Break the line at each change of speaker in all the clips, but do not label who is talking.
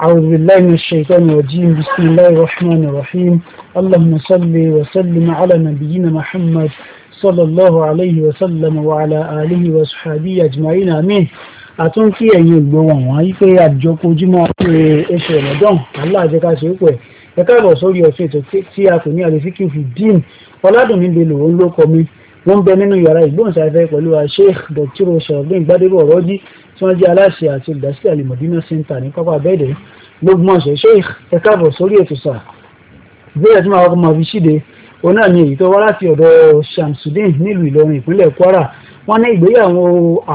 أعوذ بالله من الشيطان الرجيم بسم الله الرحمن الرحيم اللهم صل وسلم على نبينا محمد صلى الله عليه وسلم وعلى آله وصحبه أجمعين آمين àtún kí ẹ̀yin ìgbọ̀wọ̀n wọn wípé àjọkú ojúmọ́ pé ẹsẹ̀ rọ̀dọ̀n aláàjẹká ṣe é pẹ̀ ẹ káàbọ̀ sórí ọ̀sẹ̀ ètò tí a kò ní àlefíkì fìdíìn ọ̀làdùnmí belò ń ló kọ́ mi wọ́n ń bẹ nínú yàrá ìgbóhùnsáfẹ́ pẹ̀lú Sheikh Dr. sọ̀rọ̀gbìn gbadebo ọ̀rọ́jì tí wọ́n jẹ́ aláṣẹ àti olùdásílẹ̀ alimọ̀dínà center ní pápá bẹ́ẹ̀dẹ̀ lọ́gbọ̀nsẹ̀ Sheikh ẹ káàbọ̀ sórí ètò sà bẹ́ẹ̀ tí màá kọ́ máa fi ṣíde òun ni èyí tó wá láti ọ̀dọ̀ Shamsudeen nílùú Ìlọrin ìpínlẹ̀ Kwara wọ́n ní ìgbéyàwó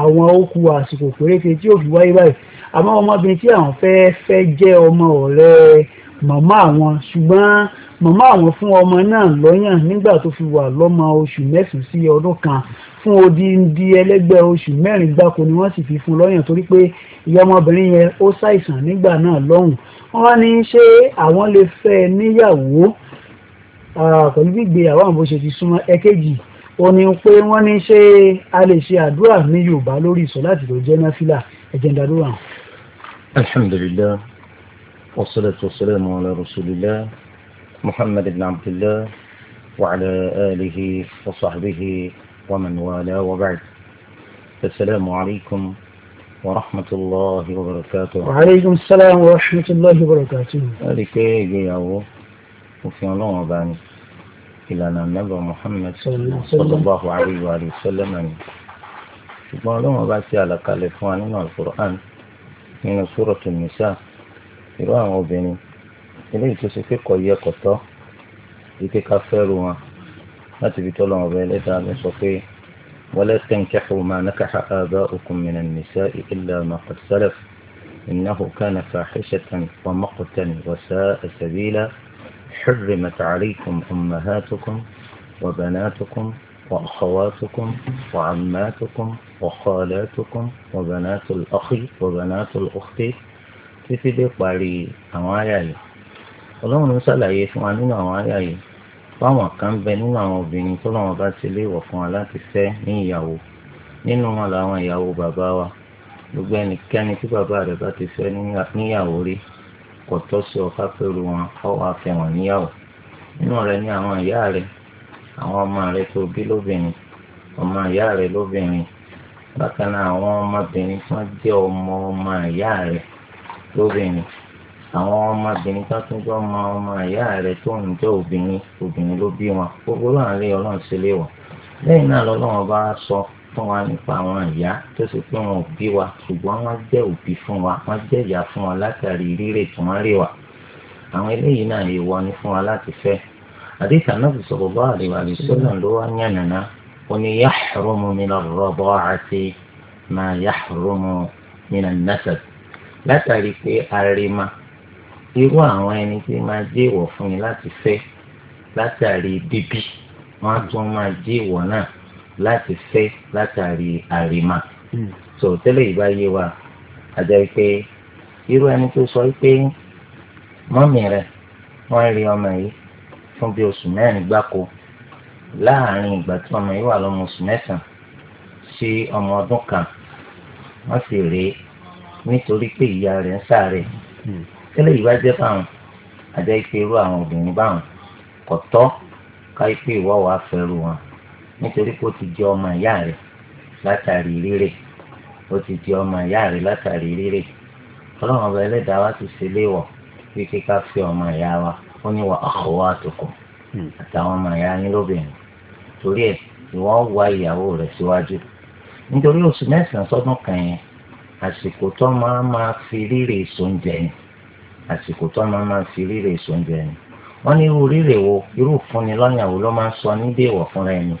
àwọn òkú àsìkò péréte tí yóò fi wáyé báyìí àmọ́ ọmọbìnrin tí àwọn fẹ́ fẹ́ jẹ́ ọmọ ọ̀rẹ́ màmá àwọn ṣùgbọ́n màmá àwọn fún ọmọ náà lọ́yàn nígbà tó fi wà lọ́mọ oṣù mẹ́sàn-án sí ọdún kan fún odindi ẹlẹ́gbẹ́ oṣù mẹ́rin gbáko ni wọ́n sì fi fún lọ́yàn torí pé ìyá ọmọbìnrin yẹn ó ṣàìsàn nígbà náà lọ́hùn wọ́n ní ṣé àwọn lè fẹ́ níyàwó pẹ̀lú gbígbé àwọn àbòṣe ti súnmọ́ ẹ̀kejì ó ní pé wọ́n ní ṣé a lè ṣe àdúrà ní yorùbá lórí ìsọ láti lọ jẹ́ náfìlà ẹ̀jẹ̀ ìdádúrà.
alhamdulilayi wasalaatu wasalaamu ala rasulillah muhammad ibn abdillah wa ala alihi wa sahbihi wa man wala wa ba'd asalaamu alaykum wa rahmatulahi wa barakatuh. wa aleykum salaam wa rahmatulahi wa barakatuh. wọ́n rí òfin ọlọ́run ọba ni. ìlànà nàbà Muhammad sallallahu alayhi wa sallam ni ṣùgbọ́n ọlọ́wọ́n bá ti àlàkalẹ̀ fún wa nínú alukur'an nínú suratul nisa irú àwọn obìnrin eléyìí tó ṣe pé kò yẹ kò tọ́ ike ká fẹ́rù wọn láti fi tọ́lọ́ ọ̀bẹ ẹlẹ́dàá ló sọ pé wala tankihu ma nakaha aba'ukum minan nisa'i illa ma qad salaf innahu kana fahishatan wa maqtan wa sa'a sabila. حرمت عليكم أمهاتكم وبناتكم وأخواتكم وعماتكم وخالاتكم وبنات الأخ وبنات الأخت títí dé parí àwọn àyà yìí ọlọ́run ló ṣàlàyé fún wa nínú àwọn àyà yìí báwọn kan bẹ nínú àwọn obìnrin tó lọ́wọ́ bá ti léèwọ̀ fún wa láti fẹ́ ní ìyàwó nínú wọn làwọn ìyàwó bàbá wa gbogbo ẹnikẹ́ni tí bàbá rẹ̀ bá ti fẹ́ níyàwó rí kò tọ́ sí ọ káfíńrù wọn ọ wàá fẹ́ wọn níyàwó nínú rẹ ní àwọn ìyá rẹ àwọn ọmọ rẹ tó bí lóbìnrin ọmọ ìyá rẹ lóbìnrin bákan náà àwọn ọmọbìnrin tí wọ́n jẹ́ ọmọ ọmọ ìyá rẹ lóbìnrin àwọn ọmọbìnrin tó tún jọ ọmọ ọmọ ìyá rẹ tó ń jẹ́ obìnrin obìnrin ló bí wọn gbogbo láàrin ọlọ́run sílé wọn lẹ́yìn náà lọ́lọ́run bá sọ. So, fún wa nípa àwọn ìyá tó sì pé wọn ò bí wa ṣùgbọ́n wọ́n jẹ́ òbí fún wa wọ́n jẹ́ ìyá fún wa látàrí rírè tí wọ́n rí wa àwọn eléyìí náà èèwọ̀ ni fún wa láti fẹ́ àdéhùn anábì sallallahu alaihi wasallam ló wá yàn nàná ó ní yahrumu min ar-rada'ati ma yahrumu min an-nasab látàrí pé arima irú àwọn ẹni tí máa jẹ́ ìwọ̀ fún mi láti fẹ́ látàrí bíbí wọ́n á tún máa jẹ́ ìwọ̀ láti fẹ́ látàrí àrìmà hmm. so tẹ́lẹ̀ yìí bá yé wa àjọ pé irú ẹni tó sọ pé mọ́mì rẹ̀ wọ́n rí ọmọ yìí fún bí oṣù mẹ́rin gbáko láàárín ìgbà tí ọmọ yìí wà lọ́mọ oṣù mẹ́sàn-án sí ọmọ ọdún kan wọ́n sì rèé nítorí pé ìyá rẹ̀ ń sáré hmm. tẹ́lẹ̀ yìí bá jẹ́ fáwọn àjẹ́ ìpè irú àwọn obìnrin báwọn kò tọ́ ká ìwọ́ wa fẹ́rù wọn nítorí pé ó ti di ọmọ ìyá rẹ̀ látàrí rírè ó ti di ọmọ ìyá rẹ̀ látàrí rírè ọlọ́run ọba ẹlẹ́dàá wa ti ṣe léèwọ̀ bí kíkà fi ọmọ ìyá wa ó ní wa akhawatukum hmm. àtàwọn ọmọ ìyá yín lóbìnrin torí ẹ̀ ìwọ wá ìyàwó rẹ̀ síwájú nítorí oṣù mẹ́sàn-án sọ́dún kan yẹn àsìkò tó máa máa fi rírè sóúnjẹ yẹn àsìkò tó máa máa fi rírè sóúnjẹ yẹn wọ́n ní irú rírè wo irú fúnni lọ́yàn ló máa ń sọ níbẹ̀ ìwọ̀ fúnra ẹni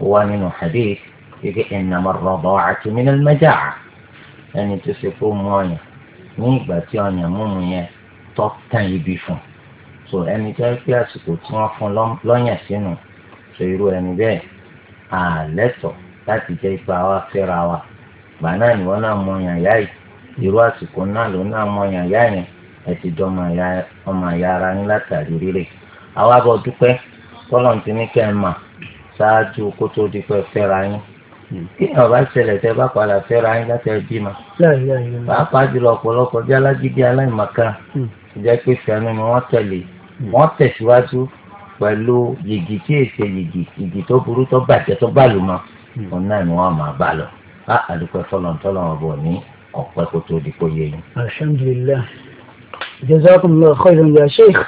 wá nínú hadith gẹ́gẹ́ innama ar-rada'atu min al-maja'a ẹni tó ṣe kó mú ọyàn ní ìgbà tí ọyàn múmu yẹn tọ́ tán ibi fún so ẹni tó ń pè àsìkò tí wọ́n fún lọ́yàn sínú so irú ẹni bẹ́ẹ̀ àlẹ́tọ̀ láti jẹ́ ipa wa fẹ́ra wa gbà náà ni wọ́n náà mọ ọyàn yá yìí irú àsìkò náà ló náà mọ ọyàn yá yẹn ẹ ti dọ́ ọmọ àyà ara ní látàrí rírè àwa bọ̀ dúpẹ́ tọ́lọ́ntì ní kẹ́ ẹ máa ṣáájú kó tó di pé fẹ́ra yín hmm. kí ni ọba ṣẹlẹ̀ tẹ́ bá padà fẹ́ra yín láti ẹbí ma pàápàá jùlọ ọ̀pọ̀lọpọ̀ bí alágídí aláìmọ̀ká hmm. ìjẹ́ pé fẹ́nu ni wọ́n tẹ̀lé hmm. wọ́n tẹ̀síwájú pẹ̀lú yìgì tí èsè yìgì yìgì tó burú tó bàjẹ́ tó bàlù mọ́ òun náà ni wọ́n máa bá lọ bá àdúpẹ́ fọlọ́ntọ́lọ́ ọ̀bọ̀ ní ọ̀pẹ́ kó tó di kó yé yín.
alhamdulilayi jazakumullahu khairan ya sheikh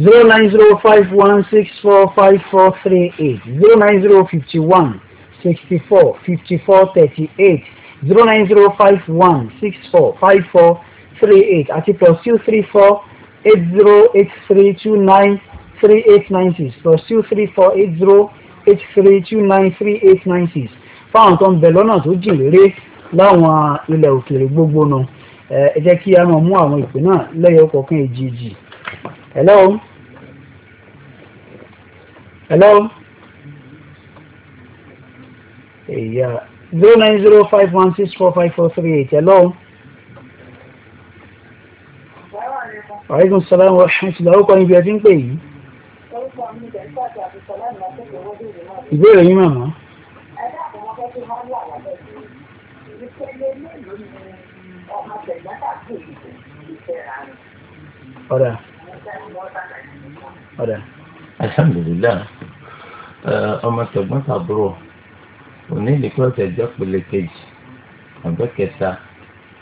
zero nine zero five one six four five four three eight zero nine zero fifty one sixty four fifty four thirty eight zero nine zero five one six four five four three eight àti plus two three four eight zero eight three two nine three eight nine six plus two three four eight zero eight three two nine three eight nine six fáwọn tó ń bẹ lọ́nà tó jìn lérè láwọn ilẹ̀ òkèèrè gbogbo náà ẹ jẹ́ kí a máa mú àwọn ìpè náà lẹ́yọ kọ̀ọ̀kan èjì èjì. Hello? Hello? Yeah. 0905164543. Hello? Aleykum Hello. wa rahmatullahi ó kọ́ níbi ẹtí ń pè yìí. Ìbéèrè yín màmá.
ọ̀dà. alhamdulilayi ọmọ tẹ̀gbọ́n tàbúrò òní ìdíkọ́ tẹ̀ jẹ́ pèlè kejì àbẹ́ kẹta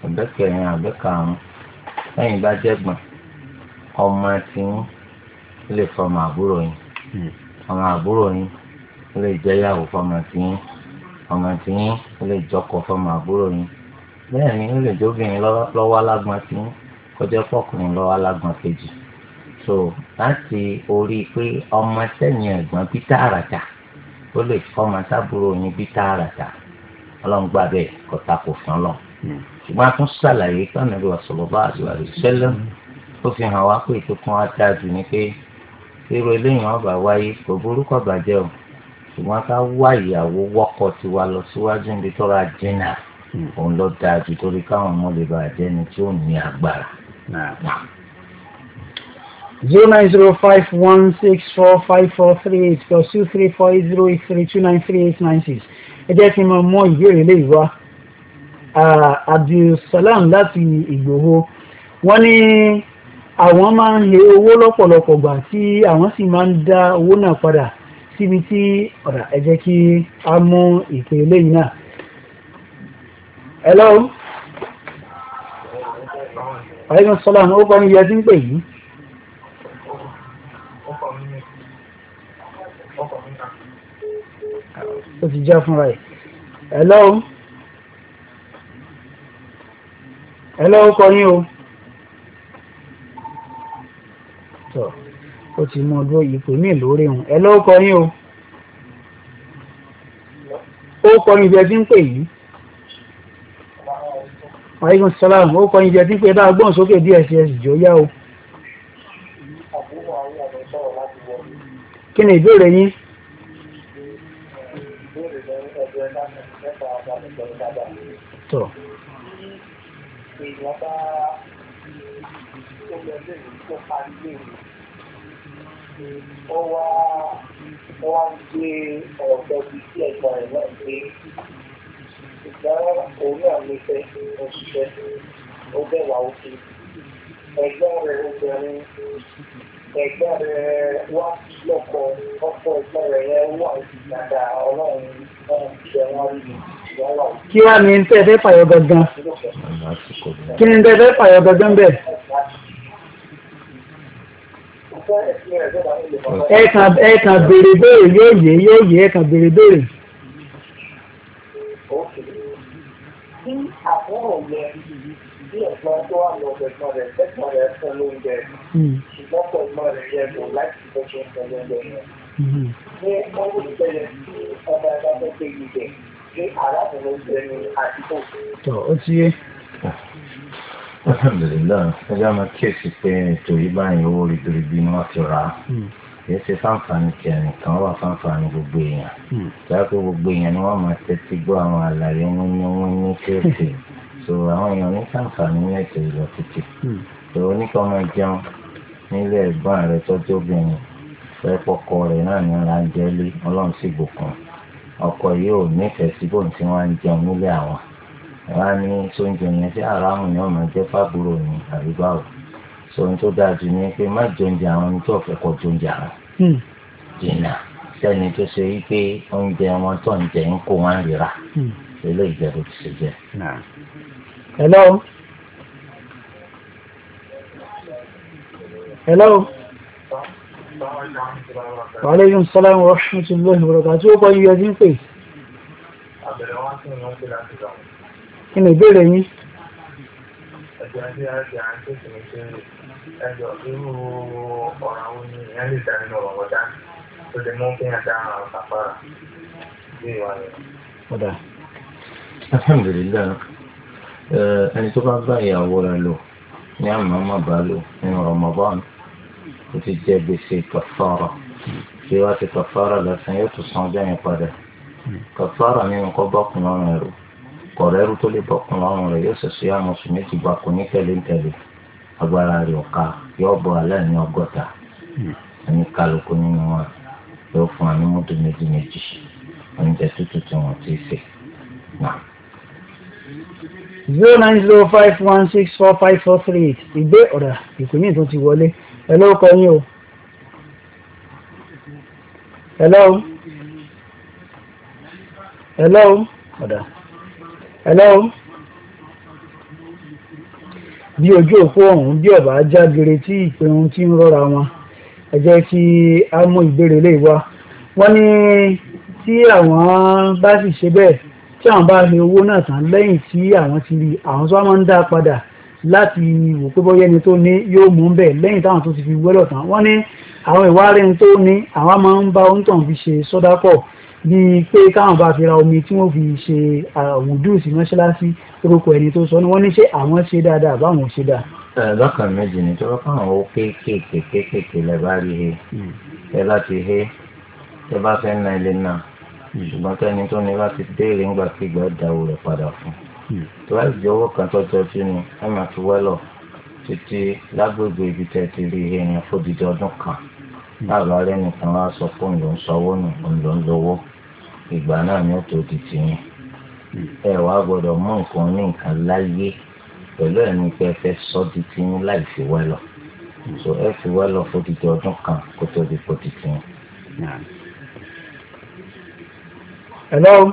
àbẹ́ kẹrin àbẹ́ karùn-ún lẹ́yìn bá jẹ́gbọ̀n ọmọ tí ń lè fọmọ àbúrò yín hmm. ọmọ àbúrò yín lè jẹ́yàwó fọmọ tí ń ọmọ tí ń lè jọkọ fọmọ àbúrò yín bẹ́ẹ̀ ni ó lè jóbìnrin lọ́wọ́ alágbọ̀n tí ń kọjá fọkùnrin lọ́wọ́ alágbọ̀n kejì so láti orí pé ọmọ sẹ́yìn ẹ̀gbọ́n bí tààràtà ó lè fọmọ sábúrò yín bí tààràtà ọlọ́ngbà bẹ́ẹ̀ kọ́ta kò fún lọ. ṣùgbọ́n a tún ṣàlàyé kánà bí sallallahu alaihi wasallam ó fi hàn wá pé ìtòkùn àtàjù ni pé irú eléyìí ọba wáyé kò burúkọ bàjẹ́ o ṣùgbọ́n ká wá ìyàwó wọ́kọ̀ tiwa lọ síwájú níbi tọ́ra dínà hmm. òun ló dáa ju torí káwọn ọmọ lè bàjẹ́ ni tí ó ní agbára zero nine zero five one six four five four three eight plus two three
four eight zero eight three two nine three eight nine six ẹ jẹ́ kí n mọ mọ ìbéèrè lè wá uh, abdulsalam láti ìgbòho wọ́n ní àwọn máa ń he owó lọ́pọ̀lọpọ̀ gbà tí àwọn sì máa ń dá owó náà padà síbi tí ọ̀rà ẹ jẹ́ kí a mú ìpè lẹ́yìn náà. hello. aleykum salaam ó kọ́ mi yẹ tí ń pè yìí. ó ti já fúnra ẹ̀ hello hello ó kọ yín o tọ́ ó ti mú ọdún ìpè mí lórí hùn hello ó kọ yín o ó kọ yín jẹ́ tí ń pè yìí aleykum salaam ó kọ yín jẹ́ tí ń pè bá gbọ́n sókè díẹ̀ sí ẹ̀sìn jọ yá o kí ni ìbéèrè yín.
tọ̀. èèyàn bá tó lọ léèrè tó parí léèrè ó wá ó wá gbé ọ̀dọ́ bíi sí ẹ̀gbọ́n rẹ̀ náà pé ìgbà òun náà lè fẹ́ òṣìṣẹ́ ó bẹ̀ wá òkè ẹ̀gbọ́n rẹ̀ obìnrin ẹ̀gbọ́n rẹ̀ wá lọ́kọ ọkọ ẹ̀gbọ́n rẹ̀ yẹn wà dáadáa ọlọ́run náà ṣe rí i kí wá ní tẹ́ fẹ́ fàyọ gangan kí ni tẹ́ fẹ́ fàyọ gangan bẹ́ẹ̀. ẹ̀ẹ̀kan ẹ̀ẹ̀kan béèrè
béèrè yóò yé yóò yé ẹ̀ẹ̀kan béèrè béèrè.
Tí hmm. àbúrò hmm
tọ́ ó ti yé. alhamdulilayi ẹjọ́ máa kíyèsí pé ètò yìí báyìí owó ribiribi ni wọ́n ti rà á hmm. kì í ṣe fáǹfààní ti ẹnìkan wà fáǹfààní gbogbo èèyàn jáde hmm. pé gbogbo èèyàn ni wọ́n máa tẹ́tí gbọ́ àwọn àlàyé wọn ní wọ́n ní kéèké so àwọn èèyàn ní fáǹfààní ní ẹ̀sẹ̀ ìlọ títì hmm. so oníkan máa jẹun nílé ẹ̀gbọ́n rẹ̀ tọ́jú obìnrin pẹ́ pọkọ rẹ̀ náà ní ọ̀la ń jẹ́lé ọlọ́run sì bùkún ọkọ yóò nífẹ̀ẹ́ sí bóun tí wọ́n ń jẹun nílé àwọn wọ́n á ní sóúnjẹ yẹn sí aráàmù ni ọmọ jẹ́ fábúrò ní àríwá so n tó dáa jù ní pé má jọ̀ǹjẹ àwọn ní tó ọ̀fẹ́ kọ́ jọ̀ǹjẹ àwọn hmm. sẹ́ni tó ṣe yí
oúnjẹ Aleykum salaam wa rahmatullahi wa barakatuh. Tí ó kọ́ yíyọ sí ń pè.
Àbẹ̀rẹ̀ wọn tí wọ́n ti láti gbà.
Kí ni ìbéèrè yín?
Ẹ̀jẹ̀ àti àti àti ìsinmi ṣe ẹjọ́ irú ọ̀rọ̀ àwọn ní ìyẹn lè dá nínú ọ̀rọ̀ ọ̀dá tó lè mú kí ẹ̀dá
àpárá bí ìwà rẹ̀.
Ọ̀dà. Alhamdulillah, ẹni tó bá bá ìyàwó rẹ̀ lò ní àmọ́ má bá lò nínú Ramadan ó ti jẹ gbèsè kàfàrà tí wàá ti kàfàrà lọ́sàn yóò tún san ọjọ́ yẹn padà kàfàrà nínú kọ́ bọ́kùn lọ́rùn ẹ̀rù kọ̀rẹ́rù tó lè bọ́kùn lọ́rùn rẹ̀ yóò ṣẹ̀ṣẹ̀ yá àwọn oṣù méjì gba kò ní tẹ̀lé ń tẹ̀lé agbára rẹ̀ ọ̀ka yóò bọ̀ aláìní ọgọ́ta ẹni kálukú nínú wa yóò fún wa ní mọ́tò méjì méjì oúnjẹ tútù tí wọ́n ti sè
zero nine zero five one six four five four three eight ìgbé ọ̀rà ìpínlẹ̀ tó ti wọlé. Hello kọ yín o. Hello. Hello. Ọ̀dà. Hello. Bí ojú òpó ọ̀hún bí ọ̀bá jágere tí ìpè ohun tí ń rọra wọn, ẹ jẹ́ kí á mú ìbéèrè lè wá. Wọ́n ní tí àwọn bá sì ṣe bẹ́ẹ̀ tí àwọn bá rí owó náà tán lẹ́yìn tí àwọn ti rí àwọn tó wá máa ń dá padà láti wò pé bóyá ẹni tó ní yóò mú un bẹ́ẹ̀ lẹ́yìn táwọn tó ti fi wẹ́lọ̀ tán wọ́n ní àwọn ìwárẹ̀ tó ní àwọn máa ń bá oúntàn fi ṣe sọ́dá pọ̀ bíi pé káwọn bá fi ra omi tí wọ́n fi ṣe àwùdú sí mọ́ṣáláṣí orúkọ ẹni tó sọ ni wọ́n ní ṣé àwọn ṣe dáadáa àbáwọn ṣe dáa.
lọ́kàn méjì ni tí wọ́n fáwọn owó kéékèèké kéékèèké lẹ bá rí he hmm. ẹ bá he ẹ bá fẹ́ na ilé náà hmm. ṣùgbọ́n tẹ́ni tó ní bá ti béèrè ńgbàkigbà dáwó rẹ̀ padà fún un tó bá jẹ́ owó kan tó jọ sí ni ẹ máa fi wẹ́lọ̀ títí lágbègbè ibi tẹ́ ti rí èèyàn fódìdí ọdún kan báwo la rẹ́ nìkan wá sọ pé òun ló ń sanwó nù òun ló ń lówó ìgbà náà ni ó tó di tìyìn ẹ wá gbọ́dọ̀ mú nǹkan ní nǹkan láyé pẹ̀lú ẹni pé ẹ fẹ́ sọ di tìyìn láì fi wẹ́lọ̀ so ẹ fi wẹ́lọ̀ fódìdí ọdún kan kó tó di kó di tìyìn. Hello.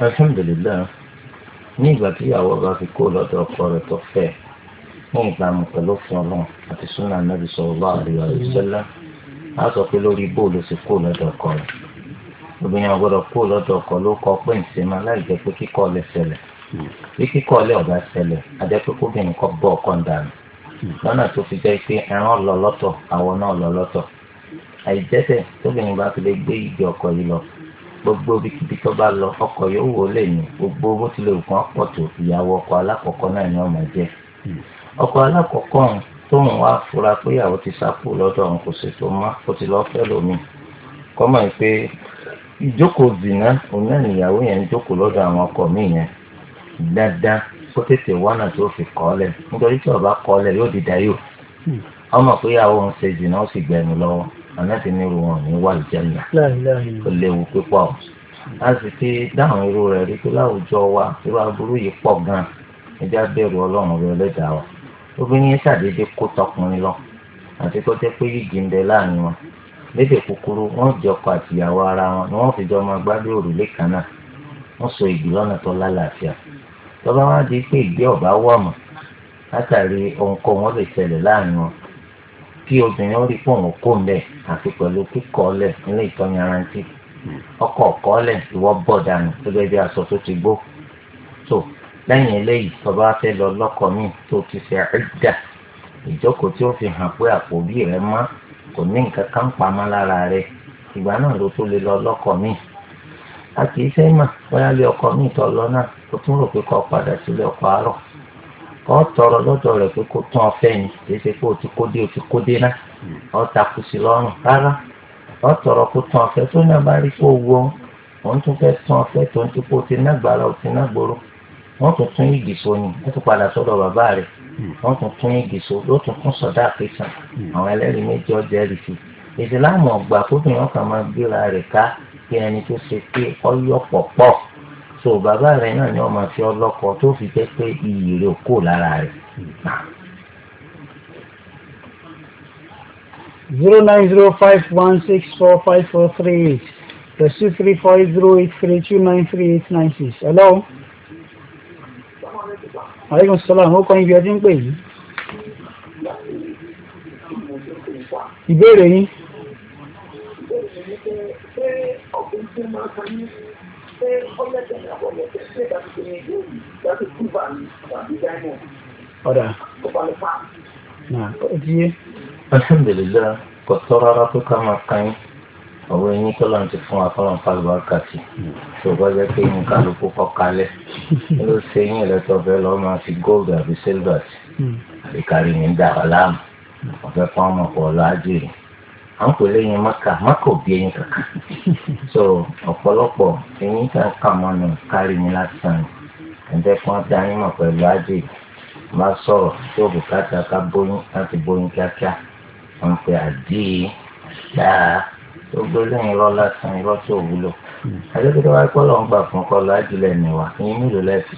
alhamdulilayi ní ìgbà tí ìyàwó bá fi kó lọ́dọ̀ ọkọ rẹ̀ tó fẹ́ ní ìbámu pẹ̀lú fún ọlọ́run àti súnà nàbì sallallahu alaihi wasallam a sọ pé lórí bóòlù sì kó lọ́dọ̀ ọkọ rẹ̀ obìnrin ọgbọ́dọ̀ kó lọ́dọ̀ ọkọ ló kọ pé ń sinmi aláìjẹ́ pé kíkọ́ lè ṣẹlẹ̀ bí kíkọ́ lè ọ̀gá ṣẹlẹ̀ àjẹ́ pé kóbìnrin kọ́ gbogbo bíkíbi tó bá lọ ọkọ̀ yóò wò lè ní gbogbo bó tilẹ̀ òkun ọ̀pọ̀ tó ìyàwó ọkọ̀ alákọ̀ọ́kọ́ náà ni ọmọ jẹ́ ọkọ̀ alákọ̀ọ́kọ́ tóun wá fura pé ìyàwó ti sápò lọ́dọ̀ òun kò ṣètò mọ́ kó ti lọ́ọ́ fẹ́ lómi kọ́mọ̀ pé ìjókòó zìnà òun náà nìyàwó yẹn ń jókòó lọ́dọ̀ àwọn ọkọ mi yẹn dáadáa kó tètè wánà tó fi kọ́lẹ̀ nítorí tí ọba kọ́lẹ̀ yóò di dayò ọmọ pé ìyàwó òun ṣe zìnà ó sì gbẹ̀mí lọ́wọ́ anáfi ní irú wọn ní wà lìjẹ́nà ó léwu pípọ̀ a sì ti dáhùn irú rẹ̀ rí pé láwùjọ wa irú aburú yìí pọ̀ gan-an ẹjẹ́ abẹ́rù ọlọ́run rẹ̀ lẹ́dàá wa obìnrin yẹn ṣàdédé kó tọkùnrin lọ àti kó jẹ́ pé yìí ń bẹ láàrin wọn lédè kúkúrú wọn jọkọ àtìyàwó ara wọn ni wọn fi jọ máa gbádùn òrùlé kan náà wọn sọ ìdí lọ́nà tó lálàáfíà tọ́ba wá di pé ìgbé ọ̀bá wọ̀ mọ́ látàrí ohunkóhun wọn tí obìnrin ó rí pọ̀ ń kó mbẹ́ àti pẹ̀lú kíkọ́ lẹ̀ nílé ìtọ́ni arántí ọkọ̀ ọ̀kọ́ lẹ̀ ìwọ́ bọ̀ dànù gẹ́gẹ́ bí aṣọ tó ti gbó tó lẹ́yìn eléyìí tọba fẹ́ lọ lọ́kọ mi tó ti ṣe àìdà ìjókòó tí ó fi hàn pé àpòbí rẹ mọ́ kò ní nǹkan kan pamọ́ lára rẹ ìgbà náà ló tó lè lọ lọ́kọ mi a kì í fẹ́ mà bóyá lé ọkọ mi tọ́ lọ náà ó tún rò pé kọ́ padà sílé ọkọ àárọ̀ ọ tọrọ lọ́dọ̀ rẹ̀ pé kó tán ọfẹ́ yìí kì í ṣe pé o ti kó dé o ti kó dé náà hmm. ọ takú sí lọ́rùn rárá ọ tọrọ kó tán ọfẹ́ tó náà bá rí kó wọ òun tún fẹ́ tán ọfẹ́ tó ń tún kó ti náà gbàrà o ti náà gbòòrò wọ́n tún tún yìgì so ni wọ́n tún padà sọ́dọ̀ bàbá rẹ̀ hmm. wọ́n tún tún yìgì so ló tún tún sọ̀dá àpèsàn hmm. àwọn ẹlẹ́rìí méjì ọjọ́ ẹ̀rì sí ìsìláàmù ọ̀gbà fóbìnrin ọkàn máa gbéra rẹ̀ ká bí ẹni tó ṣe pé ọyọ́ pọ̀ pọ̀ so bàbá rẹ náà ni wọn máa fi ọlọ́kọ tó fi jẹ́ pé iyì rẹ kò lára rẹ. zero nine zero five one six four five
four three eight plus two three four zero eight three two nine three eight nine six. hello. aleykum salaam ó kọ́ ibi ọdún pè yìí. ìbéèrè yín.
ṣé ọkùnrin tí máa ń sanni pé ọlẹ́tẹ̀ ní àbọ̀lẹ́tẹ̀ ṣé ìdájú pé ní ìlú ìdájú kúbà ní àbí dáìmọ̀ ọ̀dà ọ̀pọ̀lọpọ̀
ọ̀dìyẹ. alhamdulilayi kò tọ́ rárá tó ká máa ka yín ọ̀wọ́ ẹ̀yìn tó lọ́n ti fún wa fọlọ́n fàlùbá kàtì tó bá jẹ́ pé yín kálukú kọ́ kalẹ̀ ló ṣe yín ìrẹ́tọ̀ bẹ́ẹ̀ lọ́ọ́ máa fi gold àbí silver hmm. àbí kárí ní dàrá láàmú ọ̀fẹ́ fún ọmọkùnrin ọ̀lá àjèrè à ń pè lẹ́yìn maka maka òbí ẹyin kankan so ọ̀pọ̀lọpọ̀ ẹyin kankan mọ́nà kárí ni lásán ẹ̀jẹ̀ kan tí a yín mọ̀ pẹ̀lú ajé má sọ̀rọ̀ tí ó bùkátà ká bóyún láti bóyún kíákíá wọ́n pe àdí dáa tó gbé lẹ́yìn irọ́ lásán irọ́ tí ò wúlò àdékòtò wáyé kọ́ lọ́n gbà fún kọ́ lọ́ ajílẹ̀ nìwà ẹ̀yin mélòó lẹ́sì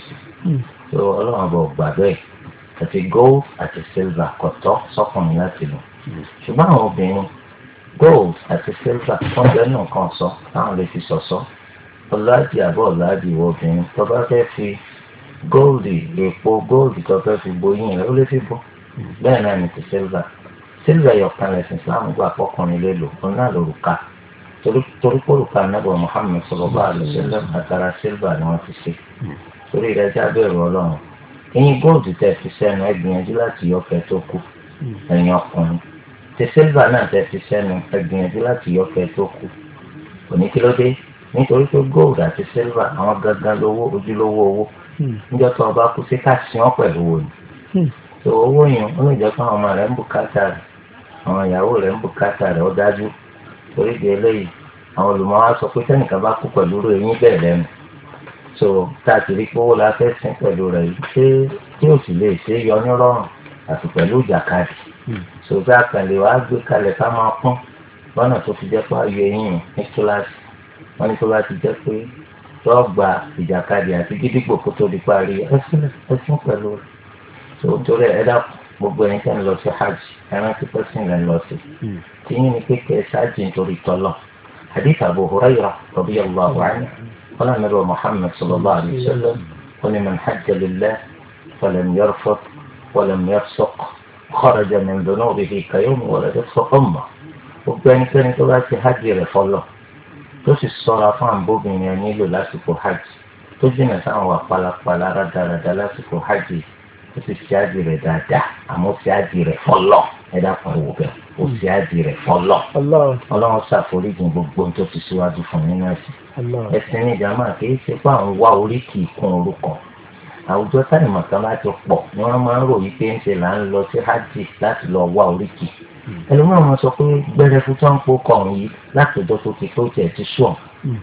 so ọlọ́run bọ̀ gbà bẹ́ẹ̀ àti gold àti silver kọ̀tọ́ sọ́kùnrin láti lò ṣùgbọ́n àwọn obìnrin gold àti silver wọ́n bẹ́ẹ̀ nù kan sọ táwọn lè fi sọ̀sọ́ ọ̀làjì àbọ̀ ọ̀làjì ìwọ obìnrin tó bá fẹ́ fi góòlì èpo góòlì tó fẹ́ fi bo yín rẹ̀ ó lè fi bọ́ bẹ́ẹ̀ náà ni ti silver silver yọ̀kan lẹ̀sìn Islam gbà pọ́kùnrin lè lò ó náà lòrùka torí pòrùka anábọ̀ Muhammad sallallahu alaihi wasallam àtàrà silver ni wọ́n fi ṣe torí rẹ̀ jábẹ́ ìrọ̀ ọlọ́run ẹ̀yin góòlì tẹ̀ fi sẹ́nu ẹgbìyànjú láti yọ kẹ́ tó kù ẹ̀yin ọkùnrin ṣe sílvà náà tẹ fi sẹ́nu ẹgbìyànjú láti yọ kẹ tó kù kò ní kí ló dé nítorí pé gold àti silver àwọn gangan lówó ojúlówó owó hmm. níjọ́ tó ọba kú sí ká sí wọn pẹ̀lú owó ni tó hmm. owó yẹn ó lè jẹ́ pé àwọn ọmọ rẹ̀ ń bùkátà rẹ̀ àwọn ìyàwó rẹ̀ ń bùkátà rẹ̀ ó dájú torí di eléyìí àwọn olùmọ̀ wa sọ pé tẹ́nìkan bá kú pẹ̀lú rẹ̀ yín bẹ́ẹ̀ lẹ́nu tó tá a ti rí pé owó la fẹ́ sìn pẹ̀lú rẹ̀ yìí ṣé tí ṣùgbọ́n àkàlẹ̀ wàá gbé kalẹ̀ ká máa pọ́n lọ́nà tó fi jẹ́ pé ayọ eyín ní kíláàsì wọ́n ní tó bá ti jẹ́ pé tó gba ìjàkadì àti gídígbò kó tó di parí ẹsùn ẹsùn pẹ̀lú rẹ̀ tó torí ẹ dákun gbogbo ẹni tẹ́ ń lọ sí hajj ẹran tí pẹ́sìn rẹ̀ ń lọ sí hmm. tí yín kékeré sáájì nítorí tọ́lọ̀ àdìsá Abu Hurairah radiyallahu anhu qala nabi Muhammad sallallahu alayhi wa sallam ó ní man hajja lillah falam yarfuth walam yafsuq خرج من ذنوبه كيوم ولدته أمه gbogbo ẹnikẹ́ni tó bá ti hajj rẹ̀ fọlọ̀ tó sì sọra fún àbóbìnrin ẹni lò lásìkò hajj tó jìnnà sáwọn wà pálapàla rádaràda lásìkò hajj tó sì fi hajj rẹ̀ dáadáa àmọ́ fi hajj rẹ̀ fọlọ̀ ẹ̀dá kan wò bẹ́ẹ̀ ó fi hajj rẹ̀ fọlọ̀ ọlọ́run ṣàforíjì gbogbo tó ti síwájú fún nínú ẹ̀sìn ẹ̀sìn nígbà máa kì í ṣe pé à ń wá oríkì kún orúkọ àwùjọ táìmọ̀ kan bá ti pọ̀ ni wọ́n máa ń rò wípé ń ṣe là ń lọ sí hajj láti lọ wá oríkì ẹlòmíràn wọn sọ pé gbẹrẹfu tó ń po kọ yìí látọjọ́ tó ti tó tiẹ̀ ti sùn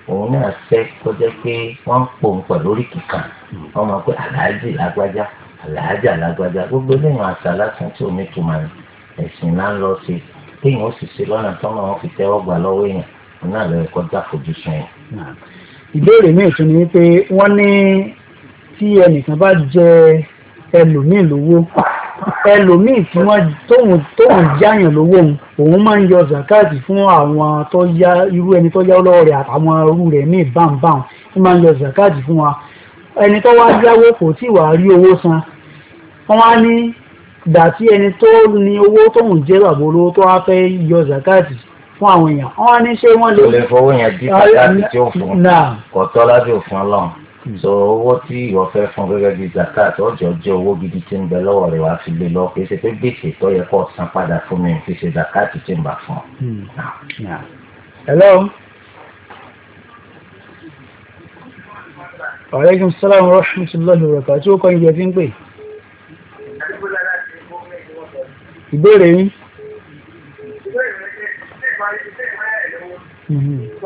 òun náà fẹ́ kọjá pé wọ́n ń pò ń pẹ̀lú oríkì kan wọ́n máa pé aláàjì lágbájá aláàjì alágbájá gbogbo lẹ́yìn àṣà lásán tí omi tuma ni ẹ̀sìn là ń lọ sí téèyàn ó sì ṣe lọ́nà tó náà wọ́n fi tẹ́wọ́ gbà lọ́wọ́ èèyàn òun náà lọ́ọ́ ẹ̀kọ́ dá fojú sùn yẹn.
ìbéèrè míì tún ni pé wọ́n ní tí ẹnìkan bá jẹ ẹlòmíì lówó ẹlòmíì tí wọ́n tóun tóun jáyàn lówó òun máa ń yọ zakati fún àwọn tó yá irú ẹni tó yá lọ́wọ́ rẹ̀ àtàwọn irú rẹ̀ míì bámbám wọ́n máa ń yọ zakati fún wa ẹni tó wá yáwó kò tí ì wá rí owó san wọ́n á ní dàtí ẹni tó ní owó tóun jẹ́ bàbá olówó tó wá fẹ́ yọ zakati fún àwọn èèyàn wọ́n á ní ṣé wọ́n lè. kò lè fowó yẹn dí zakati tí ó
fún kò tọ́ lábẹ́ òfin ọlọ́run so owó tí ìwọ fẹ́ fún gẹ́gẹ́ bíi zakat ọjọ́ jẹ́ owó gidi tí ń bẹ lọ́wọ́ rẹ̀ wá fi lé lọ kì í ṣe pé gbèsè tó yẹ kó san padà fún mi fi ṣe zakat tí ń bà fún hello. aleykum salaam wa
rahmatulahi wa barakatuh tí ó kọ́ ibi ẹ̀ ti ń pè. ìbéèrè yín. Mm-hmm.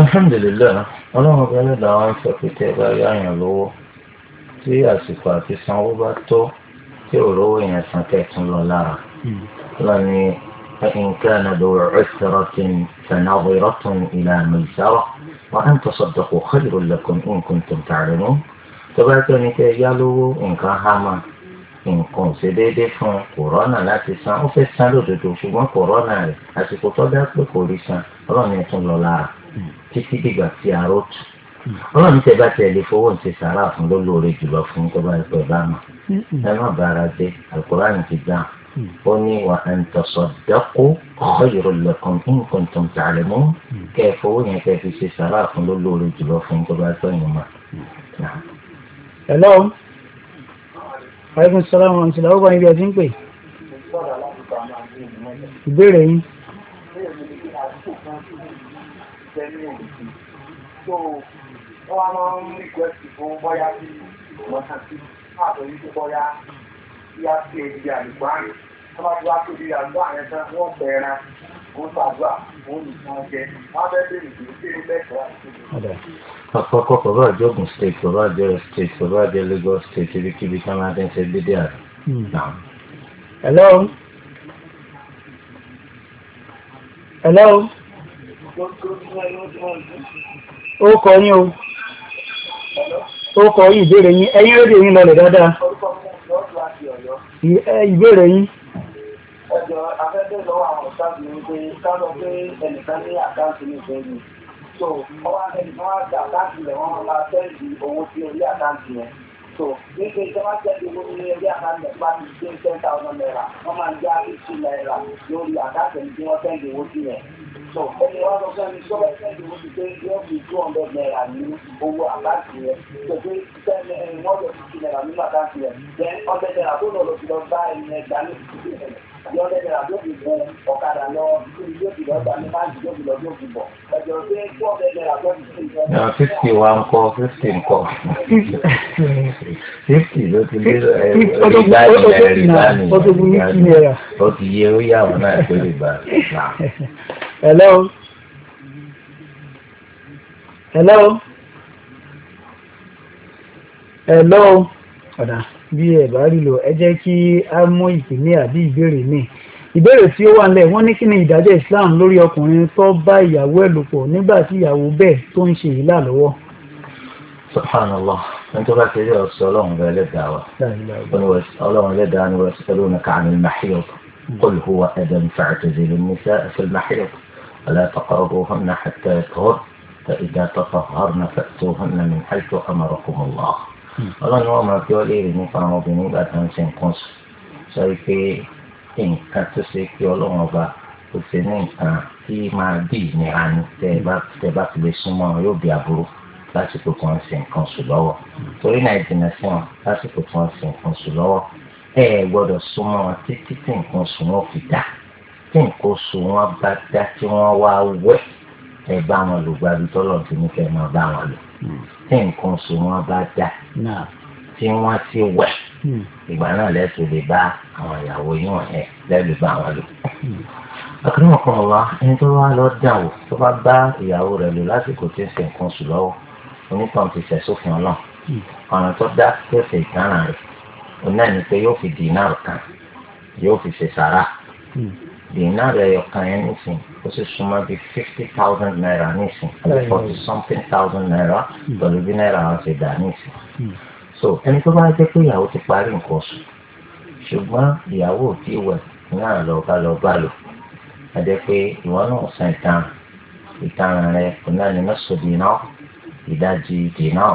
alhamdulilayi ọlọ́run ọba ẹlẹ́dàá wa ń sọ pé tẹ́ ẹ bá yá yàn lówó tí àsìkò àti sanwó bá tó tí òróró yẹn san kẹ́ẹ̀tún lọ lára lọ́ni nǹkan àdó ẹ̀sẹ̀rọ̀ tí ń tẹ̀nàwérọ̀ tó ń ìlànà ìsáwọ̀ wọn á ń tọ́sọ̀ dọ̀kọ̀ xẹ́lẹ̀rọ̀ lẹ́kùn nǹkan tó ń tààrí mú tó bá tó ní kẹ́ yá lówó nǹkan hámà nǹkan ṣe déédéé fún kòrónà láti san ó fẹ́ san lódodo ṣùgbọ́n kòrónà rẹ̀ àsìkò tó dá pé kò rí san ọlọ́run yẹn tún lọ lára títí dìgbà tí àárọ̀ tù ọlọ́run tẹ bá tẹ̀lé fowó ń ṣe sàrà fún lólóore jùlọ fún tó bá ẹgbẹ́ bá mọ̀ ẹ má bára dé alukóraní ti dá ó ní wà á ń tọ̀sọ̀ dákó ọ̀yọ̀rọ̀ lẹ́kùn nǹkan tó ń tààlẹ̀ mọ́ kẹ́ ẹ fowó yẹn kẹ́ fi ṣe sàrà fún lólóore jùlọ fún tó ẹgbẹ́ yẹn mọ̀. hello aleykum
salaam wa rahmatulah ó bá yín bí
So, bá jẹ́
Ògùn state kò jẹ́ state kò jẹ́ Lagos state ibikíbi ká máa tẹ́sẹ̀ dídí àrẹ. hello
hello ó kọ yín o ó kọ yín ìbéèrè yín ẹ̀yin rédíò yín lọlẹ̀ dáadáa ìbéèrè yín.
ọjọ́ afẹ́fẹ́ lọ́wọ́ àwọn ọ̀sáàbì ń pé sálọ pé ẹnìkan ní àkáǹtì ní ìfẹ́ mi so ọwọ́ ẹnìkan wá gba àkáǹtì rẹ̀ wọ́n máa tẹ́lẹ̀ owó sí orí àkáǹtì yẹn so nígbà tí wọ́n tẹ́lẹ̀ owó ní orí àkáǹtì bá ti dé ten thousand naira wọ́n máa ń já fifty naira lórí àkáǹtì tí wọ́n tẹ́lẹ̀ owó sí yẹn sọ ẹni wá lọ sẹ́ni sọ́wọ́ sẹ́ni mo ti gbé yóò fi two hundred naira ní owó àkáǹtì rẹ̀ pẹ̀lú sẹ́ni ẹni wọ́n lọ fifty naira nínú àkáǹtì rẹ̀ then hundred naira tó lọ lọ fi lọ bá ẹni ẹgbàá ní fifty naira ní hundred naira tó fi gun ọ̀kadà lọ níbi yóò fi lọ gbà ní báńkì yóò fi lọ yóò fi bọ̀ ẹ̀jọ̀ pé two hundred naira tó fi sí ìjọba. fifty wa ń
kọ fifty ń kọ fifty ló ti lé ẹ̀ẹ́dẹ́gbẹ̀rún ẹ̀ẹ́dẹ́gbẹ̀rún ó ti yẹ ó yà wọn náà tó lè bá a. Hello? Hello?
Hello? Ọ̀dà bí ẹ bá rí lò ẹ jẹ́ kí a mú ìpínlẹ̀ àbí ìbéèrè mi. Ìbéèrè tí ó wà nílẹ̀ wọ́n ní kí ni ìdájọ́ Islam lórí ọkùnrin tó bá ìyàwó ẹ̀ lò pọ̀ nígbà tí ìyàwó bẹ́ẹ̀ tó ń ṣe ìlà lọ́wọ́.
Subhanallah nítorí àti ilé ọ̀sẹ̀ ọlọ́run rẹ̀ lẹ́dàá wa ọlọ́run lẹ́dàá ni wọ́n ti tẹ́lẹ̀ òun kàn án ní adam fa'tazilu an-nisaa fi al-mahiyat. فلا تقربوهن حتى يطهر فإذا تطهرن فأتوهن من حيث أمركم الله ọlọ́run wọn máa fi ọ́ léèrè nípa àwọn obìnrin nígbà tí wọ́n ṣe nǹkan sùn sọ pé nǹkan tó ṣe pé ọlọ́run ọba kò ṣe ní nǹkan tí máa bí ìnira ni tẹ́ ẹ bá fi lè súnmọ́ yóò bí aburú lásìkò tí wọ́n ṣe nǹkan sùn lọ́wọ́ torí náà ìdènà sí wọn lásìkò tí wọ́n ṣe nǹkan sùn lọ́wọ́ ẹ gbọ́dọ̀ súnmọ́ títí tí nǹkan sùn wọn fi dà oṣù wọn bá dá tí wọ́n wá wẹ́ ẹ bá wọn lò gbàdúrà tọ́lọ̀ tí mo fẹ́ máa bá wọn lò hmm. tí nǹkan oṣù wọn bá dá tí wọ́n ti wẹ̀ hmm. ìgbà náà lẹ́sùn lè bá àwọn ìyàwó yín wọ̀nyẹn lẹ́lù bá wọn lò. Hmm. àkàrà ọkàn ọ̀la ẹni tó wá lọ dàn wò tó bá bá ìyàwó rẹ̀ lò lásìkò tí ń ṣe nǹkan oṣù lọ́wọ́ onítàn ti ṣẹ̀ sófin ọlọ́run ọ̀nà tó dá tó ṣe rẹ̀ òun náà pé yóò fi dì náà kan yóò fi ṣe sàrà dìínàrì ẹ̀yọ̀kan yẹn nísìn ó sì súnmọ́ bíi fifty thousand naira nísìn àti forty something thousand naira pẹ̀lú bí náírà wọn ti dà nísìn. so ẹni tó bá jẹ́ pé ìyàwó ti parí nǹkan oṣù ṣùgbọ́n ìyàwó ò tí ì wẹ̀ náà lọ́ọ́ bá lọ́ọ́ bá lò á jẹ́ pé ìwọ náà san ìtàn ìtàn rẹ kò náà ní mẹ́sàn-án dìínà ìdajì dìínà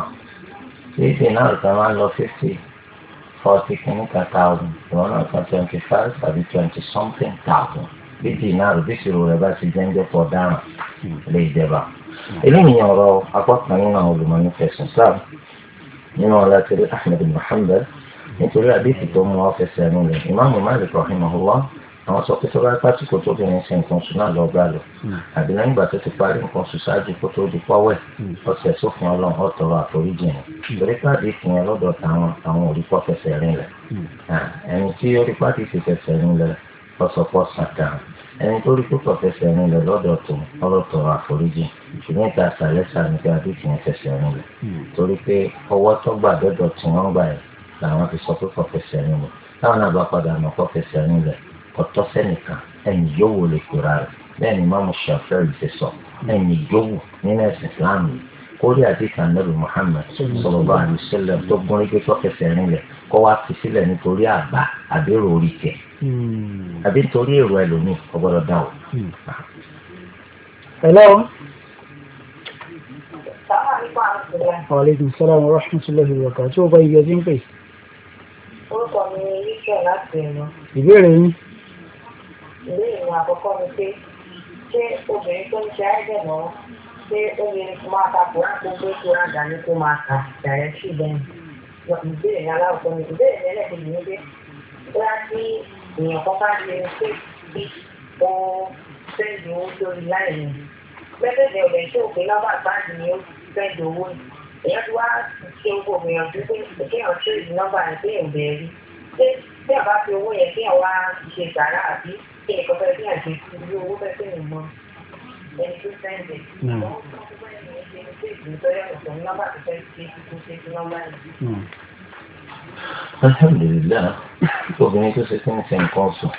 tí dìínà kan máa ń lọ fifty forty kìnnìkan thousand one hundred san twenty five àbí twenty something thousand bí dínárù bí ìṣirò rẹ̀ bá ti jẹ́ ń jẹ́ pọ̀ dáràn lè jẹba. eléyìí ọ̀rọ̀ apá kan nínú àwọn olùmọ̀ọ́nì fẹ̀sùn sáà nínú ọ̀la tẹ̀lé Ahmed Muhammed nítorí àdéhùn tó mú ọ fẹsẹ̀ nù lẹ̀ ìmáàmù Malik rahimahullah àwọn sọ pé tó bá pàtì kó tó bìnrin ṣe nǹkan oṣù náà lọ bá lọ hmm. àbí lẹ́yìn ìgbà tó ti parí nǹkan oṣù ṣáájú kó tó di pọ́wẹ́ hmm. ọ̀sẹ̀ sófin ọlọ́run ọ̀tọ̀rọ̀ àforíjì ni hmm. torí pàdé ìpìyàn lọ́dọ̀ táwọn àwọn òrìkọ́ fẹsẹ̀ rìn lẹ̀ ẹni tí orí pàdé ti fẹsẹ̀ rìn lẹ̀ ọ̀sọ̀pọ̀ sàkà ẹni tó rí púpọ̀ fẹsẹ̀ rìn lẹ̀ lọ́dọ̀ tó ọlọ́tọ̀rọ̀ àforíjì ṣùgbọ́n ìta àṣàlẹ́sà ni pé àdéhùn fẹsẹ̀ rìn lẹ̀ torí pé ọwọ́ tó gbà dọ́dọ̀ tí wọ́n gbà yẹn làwọn ti sọ pé fẹsẹ̀ rìn lẹ̀ táwọn náà bá padà mọ̀ kọ̀ fẹsẹ̀ rìn lẹ̀ ọ̀tọ́ sẹ́nìkan ẹni yòówù lè pera rẹ̀ bẹ́ẹ̀ ni mọ́mú ṣàfẹ́rì ti sọ ẹni yòówù nínú ẹ̀sìn Islam yìí kórè àdìsàn nàbì Muhammad sallallahu alaihi wasallam tó gún igi tó fẹsẹ̀ rinlẹ̀ kó wá fi sílẹ̀ nítorí àgbà àbẹ̀rù orí tẹ̀ hmm. àbí nítorí èrò ẹlòmíì kò dá o. Hmm. hello.
aleykum
salaam wa rahmatulahi wa barakatuh tí o bá ibi ẹbí ń pè.
orúkọ mi ní ìṣẹ́ láti ẹ̀rọ. ìbéèrè yín ìbéèrè wọn àkọ́kọ́ ni pé ṣé obìnrin tó ń ṣe àìsàn náà ṣé obìnrin kò máa ta kóra tó gbé kóra dání kó máa kà
dàrẹ́ sí bẹ́ẹ̀
ìbéèrè ní aláwọ̀kọ́ ni ìbéèrè ní ẹlẹ́kejì ni pé bóyá tí èèyàn kan bá lè ṣe bí ó sẹ́ndì owó sórí láìní lẹ́gbẹ̀dẹ̀ ọ̀dẹ̀ ṣé òpin lọ́wọ́ àbáàdì ni ó sẹ́ndì owó èèyàn ti wá ṣe gbogbo ìgbìyànjú pé kéèyàn ṣe ìdí nọ́mbà àti èèyàn
bẹ̀rẹ̀
wá fi owó yẹn kí àwa ṣe gbàrà àbí kí nǹkan fẹ́ kí àjẹ sí ilé owó fẹ́ kí nìyẹn mọ ẹni tó sẹ́ǹdẹ̀.
alhamdulilayi obìnrin tó ṣe fún ṣe nǹkan sùn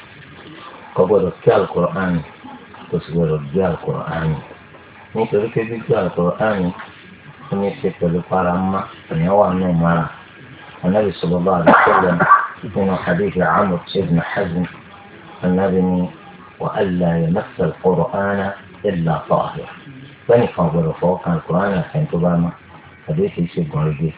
kò gbọ́dọ̀ kí alukur'ani kò sì gbọ́dọ̀ gbé alukur'ani nítorí pé gbígbé alukur'ani ó ní ṣe pẹ̀lú paramá ìyẹn wà nù mara Ànábì sallallahu alaihi wasallam. كنا حديث عمرو بن حزم النبي والا يمس القران الا طاهر فني فاضل فوق القران الحين تبعنا حديث يشبه الجيش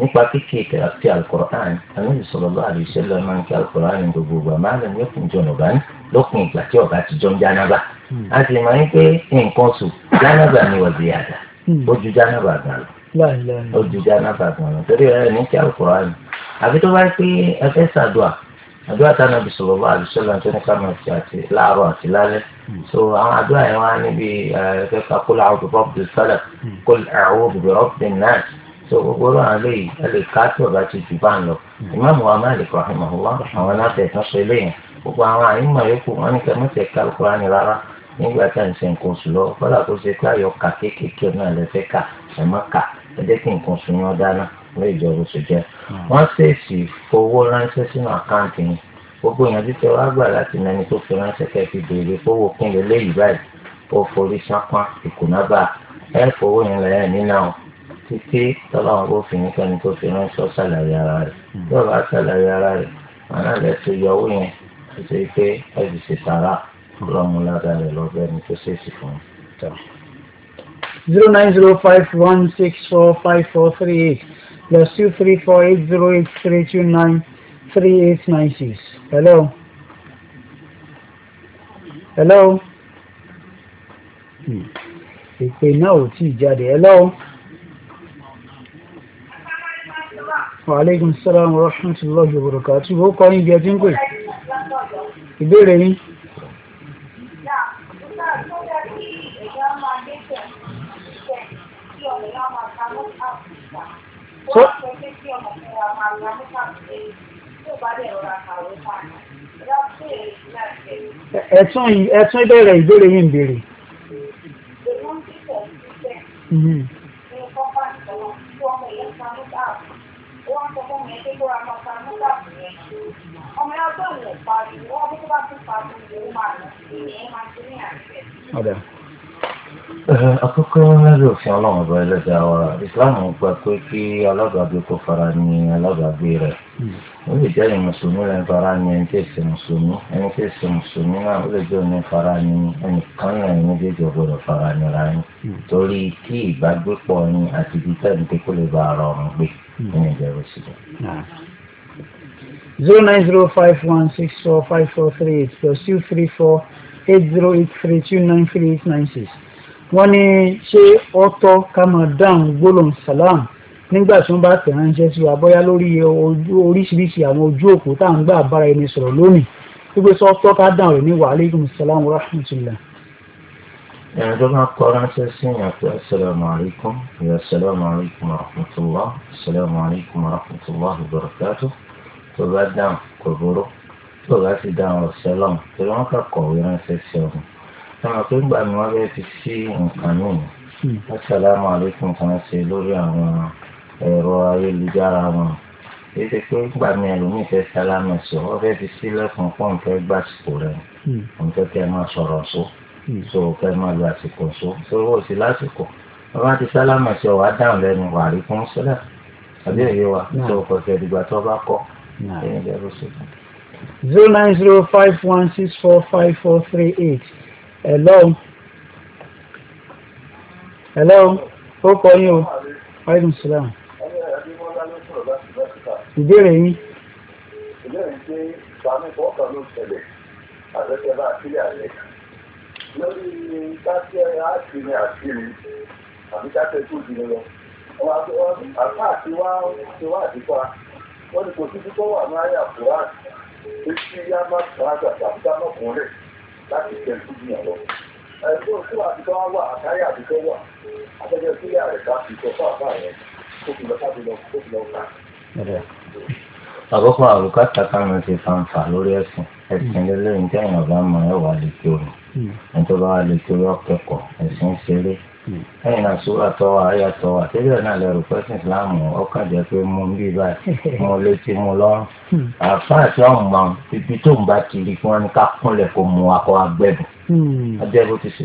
نقطه كيك في القران النبي صلى الله عليه وسلم من في القران يقول ما لم يكن جنبا لكن لا توقعت جن جنبا هذه ما يمكن ان كنت جنبا وزياده وجو جنبا قالوا
ó
ju jánábà gan lọ torí ẹ ní kí àlùkòrán ni àbí tó bá pé ẹ fẹ́ ṣàdùà àdúrà tá a nàbì sọ̀rọ̀ bá àdùsọ́lá tó ní kámẹ́ ti àti láàárọ̀ àti lálẹ́ hmm. so àwọn àdúrà yẹn wá níbi ẹ̀ẹ́dẹ́ ká kó làwọn bìbọ́ bìbí sọ́lá kó àwọn bìbí rọ́bìn náà so gbogbo ọ̀rọ̀ àlẹ́ yìí ẹ lè ká tí ọ̀gá ti jù bá ń lọ hmm. ìmáàmù wa máa lè kọ́ àhìmọ̀ wá àwọn aláfẹ̀ẹ́ tán ṣe léyìn gbogbo àwọn àyìnbó yòókù wọn ní kẹ́mẹ́tẹ̀ẹ́ nígbà tá à ń ṣe nǹkan oṣù lọ bọ́lá kó ṣe pé àyọkà kéékèèké náà lẹ́fẹ́ kà ẹ̀ má kà ẹ jẹ́ kí nǹkan oṣù yẹn dáná lé ìjọba oṣù jẹ́ hmm. wọ́n ṣèèṣì fowó ránṣẹ́ sínú àkáǹtì yẹn gbogbo èèyàn ti tẹ wá gbà láti mẹni tó fi ránṣẹ́ kẹ́ fi béèrè fowó pín lé léyìí báyìí ó forí sápá ìkùnábà ẹ fowó yẹn lẹ́yìn nínú àwọn títí tọ́láwọn bó fi ní kẹ́ni tó fi ránṣẹ́
ṣàlàyé
ara rẹ̀ hmm. ọlọ́run ládàá rẹ̀ lọ́gbẹ́ ni tó ṣèṣì fún un.
zero nine zero five one six four five four three eight plus two three four eight zero eight three two nine three eight nine six. hello. hello. ìpè náà ò tí ì jáde. hello. wàhálẹ́kùn sálámù rọ́ṣùn tí lọ́jọ́ bọ̀rọ̀kà tí ó kọ́ yín bí ẹ Jadi. hello wahalekun
salamu
pè. ìbéèrè ti n tó. ẹ̀tún ìbẹ̀rẹ̀ ìbéèrè yìí ń béèrè.
Mm-hmm.
Ọ̀dà àkọ́kọ́ lábẹ́ òfin ọlọ́run ọba ẹlẹ́dàá wa islam gba pé kí alábàágbé kò fara ní alábàágbé rẹ̀ ó lè jẹ́ ẹ̀yìn mùsùlùmí rẹ̀ fara ní ẹni tí èsì mùsùlùmí ẹni tí èsì mùsùlùmí náà ó lè jẹ́ òní fara ní ẹnì kan náà ẹni méjèèjì ọgbọ́dọ̀ fara ní ra ní torí kí ìbágbépọ̀ ní àti ibi tẹ́lẹ̀ pé kó lè ba ara ọ̀run gbé ní ìjẹ́rù sí i. zero
nine zero five one six four five four three eight plus two three four eight zero eight three two nine three eight nine six wọ́n ní ṣé ọ̀tọ̀ ká máa dáhùn gbólóhùn salam nígbà tí wọ́n bá tẹ̀ ránṣẹ́ sí wa bóyá lórí oríṣiríṣi àwọn ojú òpó tá à ń gbà bára ẹni sọ̀rọ̀ lónìí wípé sọ ọ̀tọ̀ ká dáhùn rẹ̀ ní wa alaikum salam wa rahmatullah.
ẹ̀rọ tó máa kọ ránṣẹ́ sí yàn pé asalaamu alaykum ya asalaamu alaykum wa rahmatullah tó bá dáhùn kò burú tó bá ti dáhùn ọ̀sẹ̀ lọ́hùn tó lọ́n kà kọ̀wé ránṣẹ́ sí ọ̀hún sọ̀rọ̀ tó gbà mí wọ́n bẹ́ẹ̀ fi sí nǹkan náà assalamu alaikum kan ṣe lórí àwọn ẹ̀rọ ayélujára wọn èsì pé gbà mí ẹlòmíì fẹ́ sálámù sọ wọ́n fẹ́ fi sílẹ̀kùn pọ́n fẹ́ gbàsìkò rẹ̀ òun fẹ́ kẹ́ máa sọ̀rọ̀ sọ so kẹ́ máa lo àsìkò sọ sọ́wọ́ sí lásìkò wọ́n bá ti sálámù sọ wàá dáhùn lẹ́nu wà á rí fún sílẹ̀ àbí èyí wa tó o kọ̀ọ̀kẹ́ ìdìgbà tó bá kọ́ ẹ̀yìn ìjẹ́rú sí.
zero nine zero five one six four five four three eight. Hello. Hello. Ó kọ yín o. Aleykum salaam. Ìbéèrè yín.
Ìbéèrè yín pé ló ṣẹlẹ̀ bá àlẹ́. Lórí àbí tó di lọ. wá ti wá àdìpá. Wọ́n ní kò sí títọ́ wà ní àyà Kùrán. Ó yá má àgbàtà láti tẹ̀ ní ọ̀rọ̀. ẹ̀sùn tí wàá ti tọ́ wà àtàrí àtijọ́ wà àtẹ́jọ́ sílẹ̀ àrẹ̀ká ti sọ fún àbá rẹ̀ tó fi lọ sábẹ́ lọ tó fi lọ ká.
àkókò àbùkátà káwọn ti fanfà lórí ẹ̀sìn ẹ̀sìn lélẹ́yìn tẹ̀yìn ọ̀gá mọ̀ ẹ̀ wà lè kí omi hmm. ẹ̀tọ́ lè kí omi ọ̀kẹ́kọ̀ọ́ ẹ̀sìn ṣeré lẹ́yìn náà sọ àtọwà ayàtọwà tẹ́lẹ̀ náà lẹ́rù pẹ́sìn ìsìláàmù ọkàn jẹ́ pé mo ń bí báyìí mo létí mo lọ́rùn hmm. àfáà tí wọ́n mọ ibi tó ń bá ti rí kí wọ́n ní ká kúnlẹ̀ kó mu akọ agbẹ́bùn hmm. ajẹ́bù ti ṣe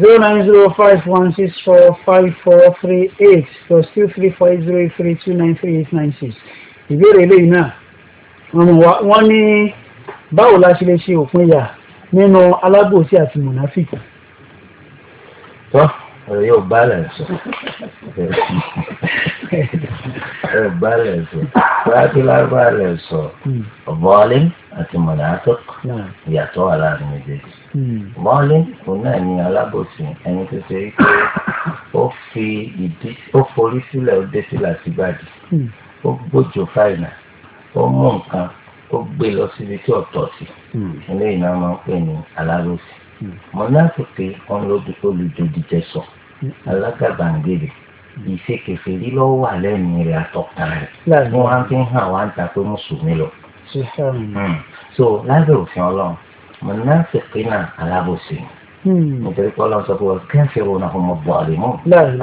zero nine zero five one six four five four three eight plus two three four zero eight three two nine three eight nine six ìbéèrè eléyìí náà wọ́n ní báwo la ṣe lè ṣe òpin yà nínú alábòsí àti mùnáfíkì
tọ́ ọ̀rọ̀ yóò balance ẹ̀ balance pàtàkìlá balance ọ̀bọ̀ọ́lẹ́ àti mọ̀nàtọ́ ìyàtọ̀ wà láàrin méjèèjì. mọ́lẹ́ òun náà ni alábòsí ẹni tó ṣe pé ó fi ìdí ó forí sílẹ̀ ó dé sílẹ̀ sígbàdì ó gbójú fáìnà ó mú nǹkan ó gbé lọ síbi tí ọ̀tọ̀ sí eléyìí náà máa ń pè ní alábòsí. Hmm. mọ̀nàfíkì olùdòdìjẹ sọ hmm. alágàbàǹgèrè hmm. ìṣèkèfèrí lọ́wọ́ wà lẹ́nu rẹ̀ àtọ̀kà rẹ̀ wọ́n á fi hàn wá ń ta pé mùsùlùmí lọ. so lábẹ́ òfin ọlọ́run mọ̀nàfíkì náà alábòsí nítorí pé ọlọ́run sọ pé wọ́n kẹ́fìrún náà fún ọgbọ̀n àlèmọ́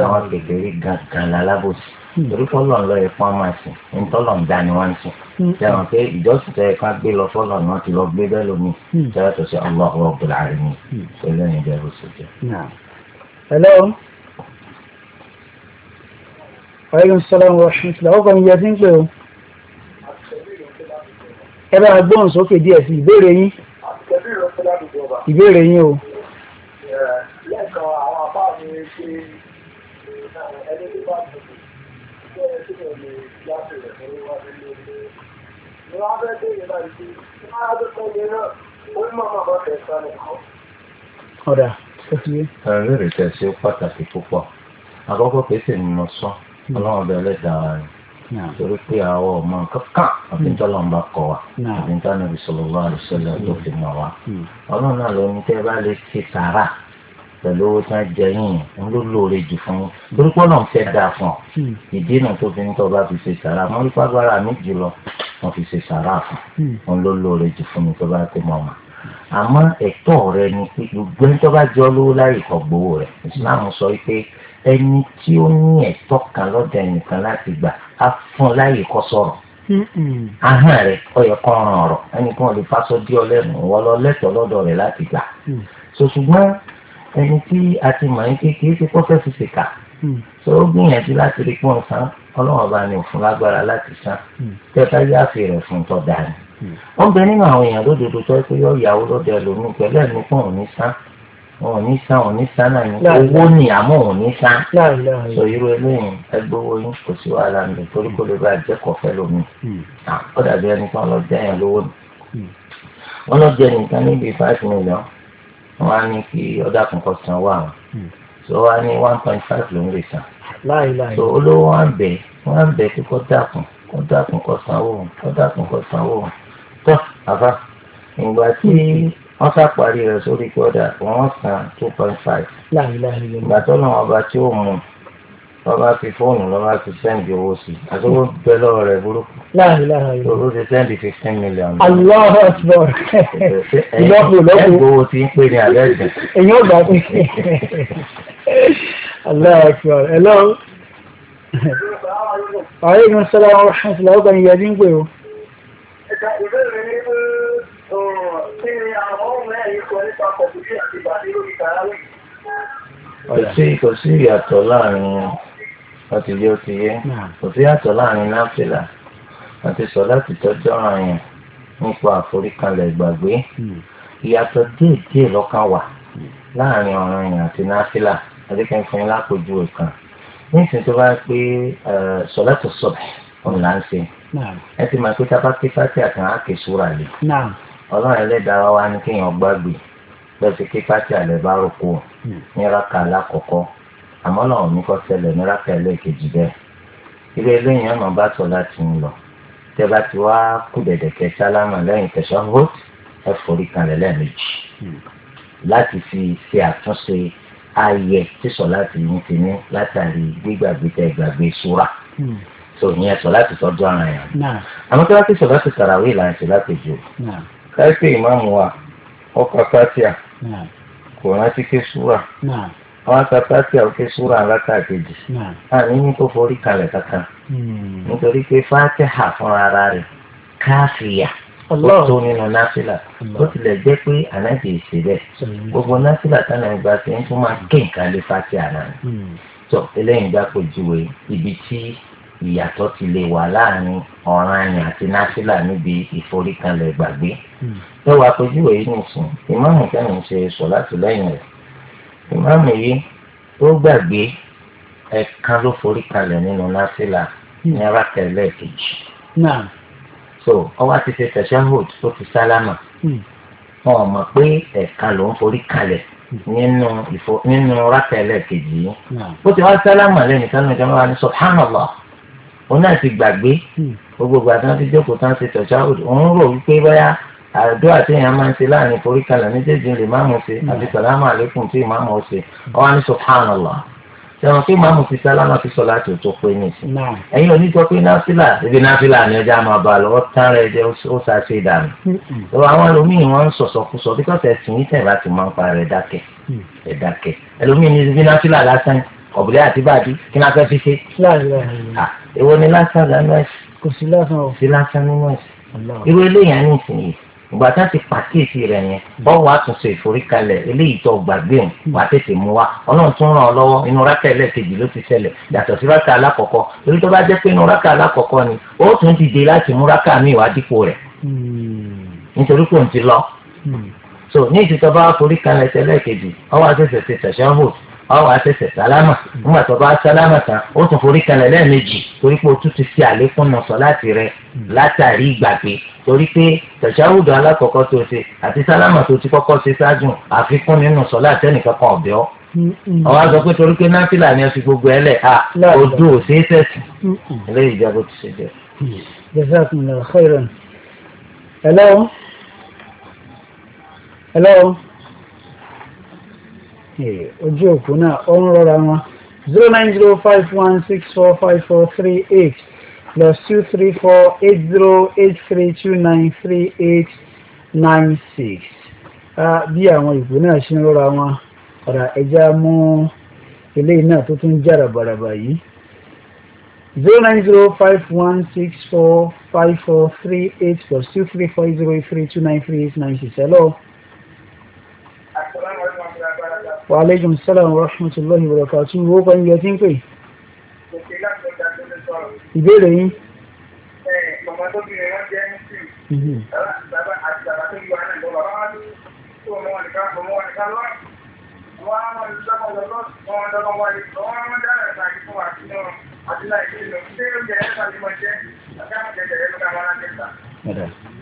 àwọn kékeré gangan lálábòsí torí pé ọlọ́run lọ́ọ́ yẹ fún ọmọ àsìn ní tọ́lọ̀ ń dá ni wọ́n ń sìn sẹ́wọ̀n pé ìjọsìn tẹ́ ká gbé lọ fọ́nà ni wọ́n ti lọ gbé bẹ́ẹ̀ lómi sẹ́wọ́n hmm. tó ṣe Allahu Rabbul Alamin pẹ̀lú ẹ̀yìn bẹ́ẹ̀ ló ṣe jẹ́. hello.
aleykum salaam wa rahmatulah ọkọ mi yẹ ti ń pè o. ẹ bá gbóhùn sókè díẹ̀ sí ìbéèrè yín.
ìbéèrè yín o. wọ́n fẹ́ dé ìlà ìdí máa tó fún mi náà ó mọ̀ mọ̀ bọ́ tẹ̀sán nìkan.
ọ̀dà tó fi yé. ẹ̀rọ rẹ̀ tẹ̀sí ó pàtàkì púpọ̀ àkọ́kọ́ kìí sì mọ̀ sán hmm. ọlọ́run bẹ̀rẹ̀ lẹ́dàá rẹ̀ torí pé àwọn ọmọ kankan àbíntọ́ hmm. ló bá kọ wa àbíntọ́ níbi sallallahu alaihi tó fi mọ̀ wa hmm. ọlọ́run náà ló ní tẹ́ bá lè ṣe sàrà pẹ̀lú owó tí wọ́n jẹ yín ń ló lóore jù fún yín torí pé náà fẹ́ dáa fún ọ hmm. ìdí náà tó fi ń tọ́ bá fi ṣe sàrà mọ́ nípa agbára mi jùlọ wọ́n fi ṣe sàrà fún ń hmm. ló lóore jù fún mi tó bá ti mọ̀ mọ́ àmọ́ ẹ̀tọ́ rẹ ni pé gbogbo ẹni tó bá jọ lówó láyè kọ̀ gbowó rẹ̀ Islam sọ pé ẹni tí ó ní ẹ̀tọ́ kan lọ́dọ̀ ẹnìkan láti gbà á fún láyè kọ́ sọ̀rọ̀ hmm. ahọ́n rẹ̀ ọyọ kọ́ ọ̀rọ̀ ẹnì kan lè fásọ dí lẹ́nu wọ́n lọ lẹ́tọ̀ọ́ lọ́dọ̀ rẹ̀ láti gbà ṣùgbọ́n ẹni tí a ti mọ̀ ní kékeré ti kọ́ fẹ́ẹ́ fi ṣèkà tó o gbìyànjú láti rí pọ́n san ọlọ́run ọba ní òfin lágbára láti san hmm. tẹ́tà yá fi rẹ̀ fún tọ́ da ni. Hmm. ó ń bẹ nínú àwọn èèyàn lódodo tó ẹ pé yọ ìyàwó lọ́dọ̀ ẹlòmíì pẹ̀lú ẹ̀mí pọ́n òní san òní san òní san náà ni owó ni àmọ́ òní san sọ irú eléyìí ẹgbówó yín kò sí wàhálà mi torí kò lè bá jẹ́kọ̀ọ́ fẹ́ lómi hmm. ah, ó dàbí ẹni kan lọ jẹ́yàn lówó ni wọ́n lọ jẹ́ nìkan níbi five million wọ́n á ní kí ọ̀dà kankan san wà wọ́n so wọ́n á ní one point five ló ń lè san so olówó wọn bẹ̀ wọ́n bẹ̀ kí kó dàkún kó dàkún kó sanwó kó dàkún kó sanwó tó àfa ìgbà tí wọ́n sàparí rẹ̀ sórí kí ọ̀dà wọ́n san two point five ìgbà tó náà ọba tí ó mú un lọ́ba fi fóònù lọ́ba fi sẹ́ǹdì owó sí i àtúwò bẹ lọ́wọ́ rẹ̀ burúkú. lóru ti sẹ́ǹdì fifteen million. Allahu
Akbar ìlọ́pù ìlọ́pù. ẹ̀gbọ́n
owó ti ń pè ní alẹ́ ẹ̀jẹ̀.
èyí ò gbà pé Allahu Akbar hello. ọ̀rẹ́ ìgbọ̀n sọ́lá wọn rẹ̀ ṣe lọ́gbà ní pé o.
kò sí ìyàtọ̀ láàrin wọ́n ti yé ó ti yé kò sí yàtọ̀ láàrin náfìlà àti sọlá ti tọ́jú àyàn nípa àforíkalẹ̀ ìgbàgbé hmm. ìyàtọ̀ díẹ̀ díẹ̀ lọ́kàn wà láàrin ọ̀ràn àyàn àti náfìlà adékẹ́fìn lápòjú ìkan nísìnyí tó bá pé sọlá tó sọ̀bẹ̀ ọ̀nà ń ṣe ẹ ti máa pé tábà pé fásitì àti àwọn àkèsúra lè ọlọ́run ẹlẹ́dàá wa hmm. ní kéèyàn gbàgbé lọ́sí pé fásitì àlẹ́ bá rò kó ní rákà alákọ̀ọ́kọ́ àmọ́ náà ní kọ́ ṣẹlẹ̀ ní rákà ẹlẹ́ẹ̀kejì bẹ́ẹ̀ ilé eléyìí ọ̀nà bá sọ láti ń lọ tẹ́ bá ti wá kú dẹ̀dẹ̀kẹ́ sálámà lẹ́yìn tẹ̀sán vote ẹ forí kalẹ̀ lẹ́ẹ̀mejì láti fi ṣe àtúnṣe ayẹ tí sọ láti yín ti ní látàrí gbígbàgbé tẹ gbàgbé súra tó yẹn sọ láti tọ́jú ara yẹn àmọ́ tí wọ́n ti sọ láti tàràwé ìlànà ìṣẹ̀lá kejì káyọ̀ pé ìmáàmù wa ọkọ̀ kátíà àwọn asapati àwòké súra aláta àkejì àní ní kó forí kalẹ̀ kankan hmm. nítorí pé fatiha fúnra ara rẹ̀ káfíà ó tó nínú náfìlà ó tilẹ̀ jẹ́ pé ànábì ìṣe bẹ́ẹ̀ gbogbo náfìlà tánà ìgbà tí ń tún máa gé nǹkan lé fatiha náà tó hmm. eléyìí bá kò júwe ibi tí ìyàtọ̀ ti lè wà láàrin ọ̀ranyàn àti náfìlà níbi ìforíkalẹ̀ gbàgbé hmm. ẹ wàá pẹ̀jú èyí nìsín ìmáàmù kẹ́hìn ṣe sọ láti lẹ́yìn rẹ̀ ìmáàmù yìí ó gbàgbé ẹ̀ẹ̀kan ló forí kalẹ̀ nínú násìlà ní hmm. arákẹ́lẹ́ kejì. so ọwọ́ ti ṣe tẹ̀síọ́hùd tó ti sálámà hmm. wọn ò mọ̀ pé ẹ̀ẹ̀kan ló ń forí kalẹ̀ hmm. nínú ìfọ nínú rákẹ́lẹ́ kejì yìí. ó ti wá sálámà lẹ́yìn sánú ìjọba wa ní subhanallah òun náà ti gbàgbé gbogbo àti wọn ti jókòó tán ti tẹ̀síọ́hùd òun rò wípé báyà àdúrà tí èèyàn máa ń ṣe láàrin ìforíkalẹ̀ méjèèjì lè máàmù ṣe àti sàlámù àlékún tí ìmáàmù ọ̀ṣẹ̀ ọ̀hún ní subhanallah sẹ́wọ̀n pé máàmù ti sálámà fi sọ láti òtò pé nìsín ẹ̀yin oníjọ pé náfìlà ibi náfìlà ni ọjà máa bá lọ́wọ́ tán rẹ̀ jẹ́ ó ṣàṣe ìdààmú tó àwọn ẹlòmíì wọ́n ń sọ̀sọ̀kúsọ bí kọ́sẹ̀ sìn ní tẹ̀lá ti máa ń pa rẹ̀ dákẹ́ rẹ̀ mm. dákẹ́ ẹlòmíì ní ibi náfìlà lásán ọ̀bùrẹ́ àti bàdí kí náà ni lásán lánàá ẹ̀sìn kò sí lásán nínú ẹ̀sìn ìgbà tá a ti pàkíyèsí rẹ̀ yẹn ọwọ́ àtúnṣe ìforíkalẹ̀ eléyìí tó gbàgbé òun wà tètè mú wa ọlọ́run tún ràn ọ́ lọ́wọ́ inú rákà ẹlẹ́ẹ̀kejì ló ti ṣẹlẹ̀ yàtọ̀ sí rákà alákọ̀ọ́kọ́ torí tó bá jẹ́ pé inú rákà alákọ̀ọ́kọ́ ni ó tún dìde láti mú rákà míì wá dípò rẹ̀ hmm. nítorí kò ń ti lọ hmm. so ní ìtìtọ́ bá foríkalẹ̀ ẹlẹ́ẹ̀kejì ọwọ́ àtúnṣe ti tẹ̀sán ọwọ́ àtẹ̀sẹ̀ sálámà mm. nígbà tó bá sálámà tán ó tún forí kalẹ̀ lẹ́ẹ̀mejì torí pé o tún ti fi àlékún nà sọ láti rẹ mm. látàrí ìgbàgbé torí pé tẹ̀síáwùdù alákọ̀ọ́kọ́ tó ṣe àti sálámà tó ti kọ́kọ́ ṣe ṣáájú àfikún nínú sọ láti ẹnìkan kan ọ̀bẹ ọ́ ọwọ́ àgbà pé torí pé náfìlà ni ẹ fi gbogbo ẹ lẹ̀ à odò ò ṣeé tẹ̀sí eléyìí jẹ́ bó ti ṣe jẹ́.
Jazakumullahu khairan. Hello. Hello ojú òkú náà ó ń rọra wọn zero nine zero five one six four five four three eight plus two three four eight zero eight three two nine three eight nine six bí àwọn ìpè náà ṣe ń rọra wọn ọ̀rà ẹja mú eléyìí náà tó tún jára bàràbà yìí zero nine zero five one six four five four three eight plus two three four zero three two nine three eight nine six hello wa alaikum salam wa rahmatullahi wa barakatuh wo kan yẹ tí ń pè. ìbéèrè yín.
màmá tó bí wọn jẹ́ muslim bàbá àti bàbá tó yọ àná ìbọn bàbá wọn tó wọn wọn nìkan fún wọn nìkan lọ wọn á wọn lọ wọn lọ wọn lọ wọn lè lọ wọn wọn dára ẹ̀ka àti fún wa àti náà àti láì ní ìlú ṣé ó yẹ ẹ̀ka ni mo jẹ́ àti àwọn jẹjẹrẹ ló ká wọn á tẹ̀sà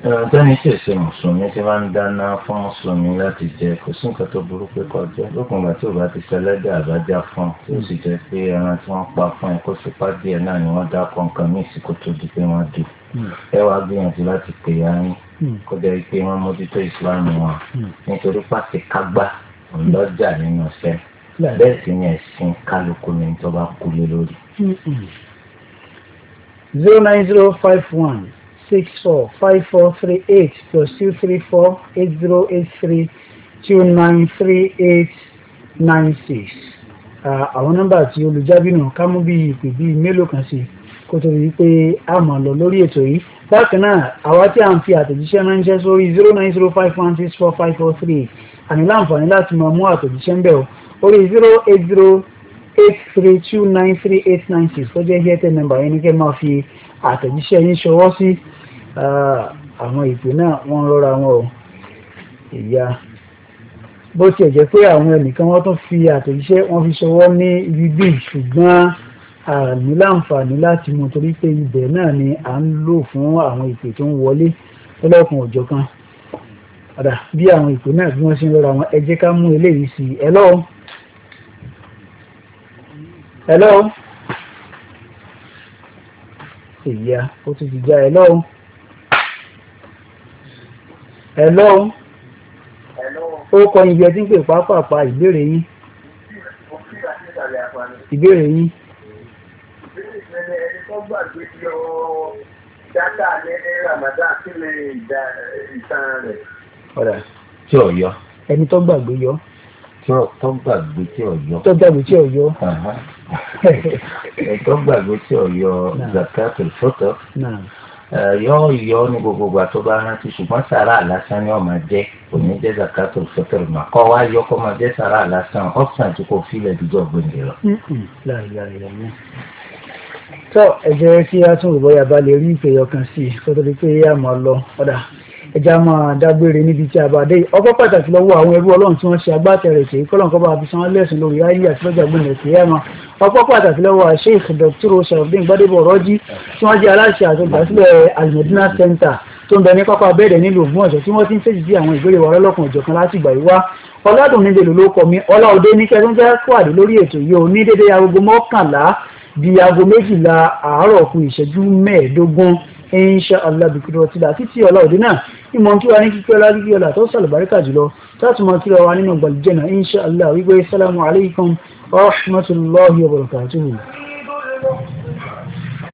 tẹ́ni tí èsè mùsùlùmí ti máa ń dáná fún mùsùlùmí láti jẹ kò sí nǹkan tó burú pé kó jẹ lókun ìgbà tí ò bá ti ṣẹlẹ́dẹ̀ àbájá fún tí ó sì jẹ pé ẹran tí wọ́n pa fún ẹ kó sì pa díẹ̀ náà ni wọ́n dá kọ̀ọ̀kan ní ìsìnkú tó di pé wọ́n dé hmm. ẹ wàá gbìyànjú láti pè ya yín hmm. kó jẹ́ pé wọ́n mójútó ìsìláàmù wọn hmm. nítorí pàṣẹ kágbá ńlọ́jà nínú ọ̀sẹ̀ bẹ́ẹ̀ sì ni ẹ̀sìn zero nine zero five one six
four five four three eight plus two three four eight zero eight three two nine three eight nine six. àwọn nọ́mbà tí olùjábí náà ká mú bíi ìpè bíi mélòó kan sí kó tó di pé a máa lọ lórí ètò yìí bákan náà àwa tí a ń fi àtẹ̀jíṣẹ́ ránṣẹ́ sórí zero nine zero five one six four five four three eight àní láǹfààní láti máa mú àtẹ̀jíṣẹ́ ń bẹ̀ o orí zero eight zero eight three two nine three eight nine six ó jẹ́ airtel number yẹn ní kẹ́ máa fi àtẹ̀jíṣẹ́ yín ṣọwọ́ sí. Ah, àwọn ìpè náà wọ́n rọra wọn o ìyá bó tiẹ̀ jẹ́ pé àwọn ẹnìkan wọ́n tún fi àtẹ̀jíṣẹ́ wọ́n fi ṣọwọ́ ní ibi bíi ṣùgbọ́n àní láǹfààní láti mú torí pé ibẹ̀ náà ni à ń lò fún àwọn ìpè tó ń wọlé lọ́lọ́kùn òjọ̀ kan padà bí àwọn ìpè náà bí wọ́n ṣe ń rọra wọn ẹ jẹ́ ká mú eléyìí sí ẹ lọ́wọ́. Hello. Ìyá ó tún ti já ẹ lọ́wọ́ hello ó kọ ibi ẹtí ń pè pápápá ìbéèrè yín ìbéèrè yín. ọ̀rà tí ò yọ. ẹni tó gbàgbé
yọ. tó gbàgbé tí ò yọ. tó gbàgbé tí ò yọ. tó gbàgbé tí ò yọ zakatul fitr yóò yọ ní gbogbo ìgbà rántí ṣùgbọ́n sàrà lásán ni ó máa jẹ́ kò ní jẹ́ zakato fẹ́tẹ̀rù mà kọ́ wá yọ kó máa jẹ́ sàrà lásán ọ̀sán tí kò fílẹ̀ dídọ̀ gbòǹde lọ.
tó ẹ̀jẹ̀ kí a tún rò bóyá balẹ̀ rí ìpè yọkan sí i kó tó di pé yá máa lọ ẹja máa dágbére níbi tí a bá dé ọpẹ́ pàtàkì lọ́wọ́ àwọn ẹrú Ọlọ́run tí wọ́n ṣe agbátẹrẹ ṣe kọlọǹkọ bá fi san án lẹ́sùn lórí ayé àti lọ́jà gbọnà ẹsẹ ẹ máa ọpẹ́ pàtàkì lọ́wọ́ Sheikh Dr. Sharafdin Gbadebo Rọjí tí wọ́n jẹ́ aláṣẹ àti olùdásílẹ̀ Center tó ń bẹ ní pápá abẹ́ẹ̀dẹ̀ nílùú Ògbómọ̀ṣọ́ tí wọ́n ti ń fèsì sí àwọn ìbéèrè wa ọlọ́kùnrin ọ̀jọ̀kan láti ìgbà yìí wá ọlọ́dún níbi èlò ló kọ mi ọlọ́ọ̀dẹ ní kẹtọ́ jẹ́ kúàdé lórí ètò yìí ò ní dédé agogo mọ́kànlá di aago méjìlá àárọ̀ kù ìṣẹ́jú mẹ́ẹ̀ẹ́dógún insha allah bikiri ọtí la títí ọlọ́ọ̀dẹ náà ìmọ̀ kí wa ní kíkí ọlá kíkí ọlá tó sàlùbáríkà jùlọ láti mọ kíra wa nínú gbàlùjẹ́nà insha allah wípé sálámù alaykum wa rahmatulahi wa barakatuhu.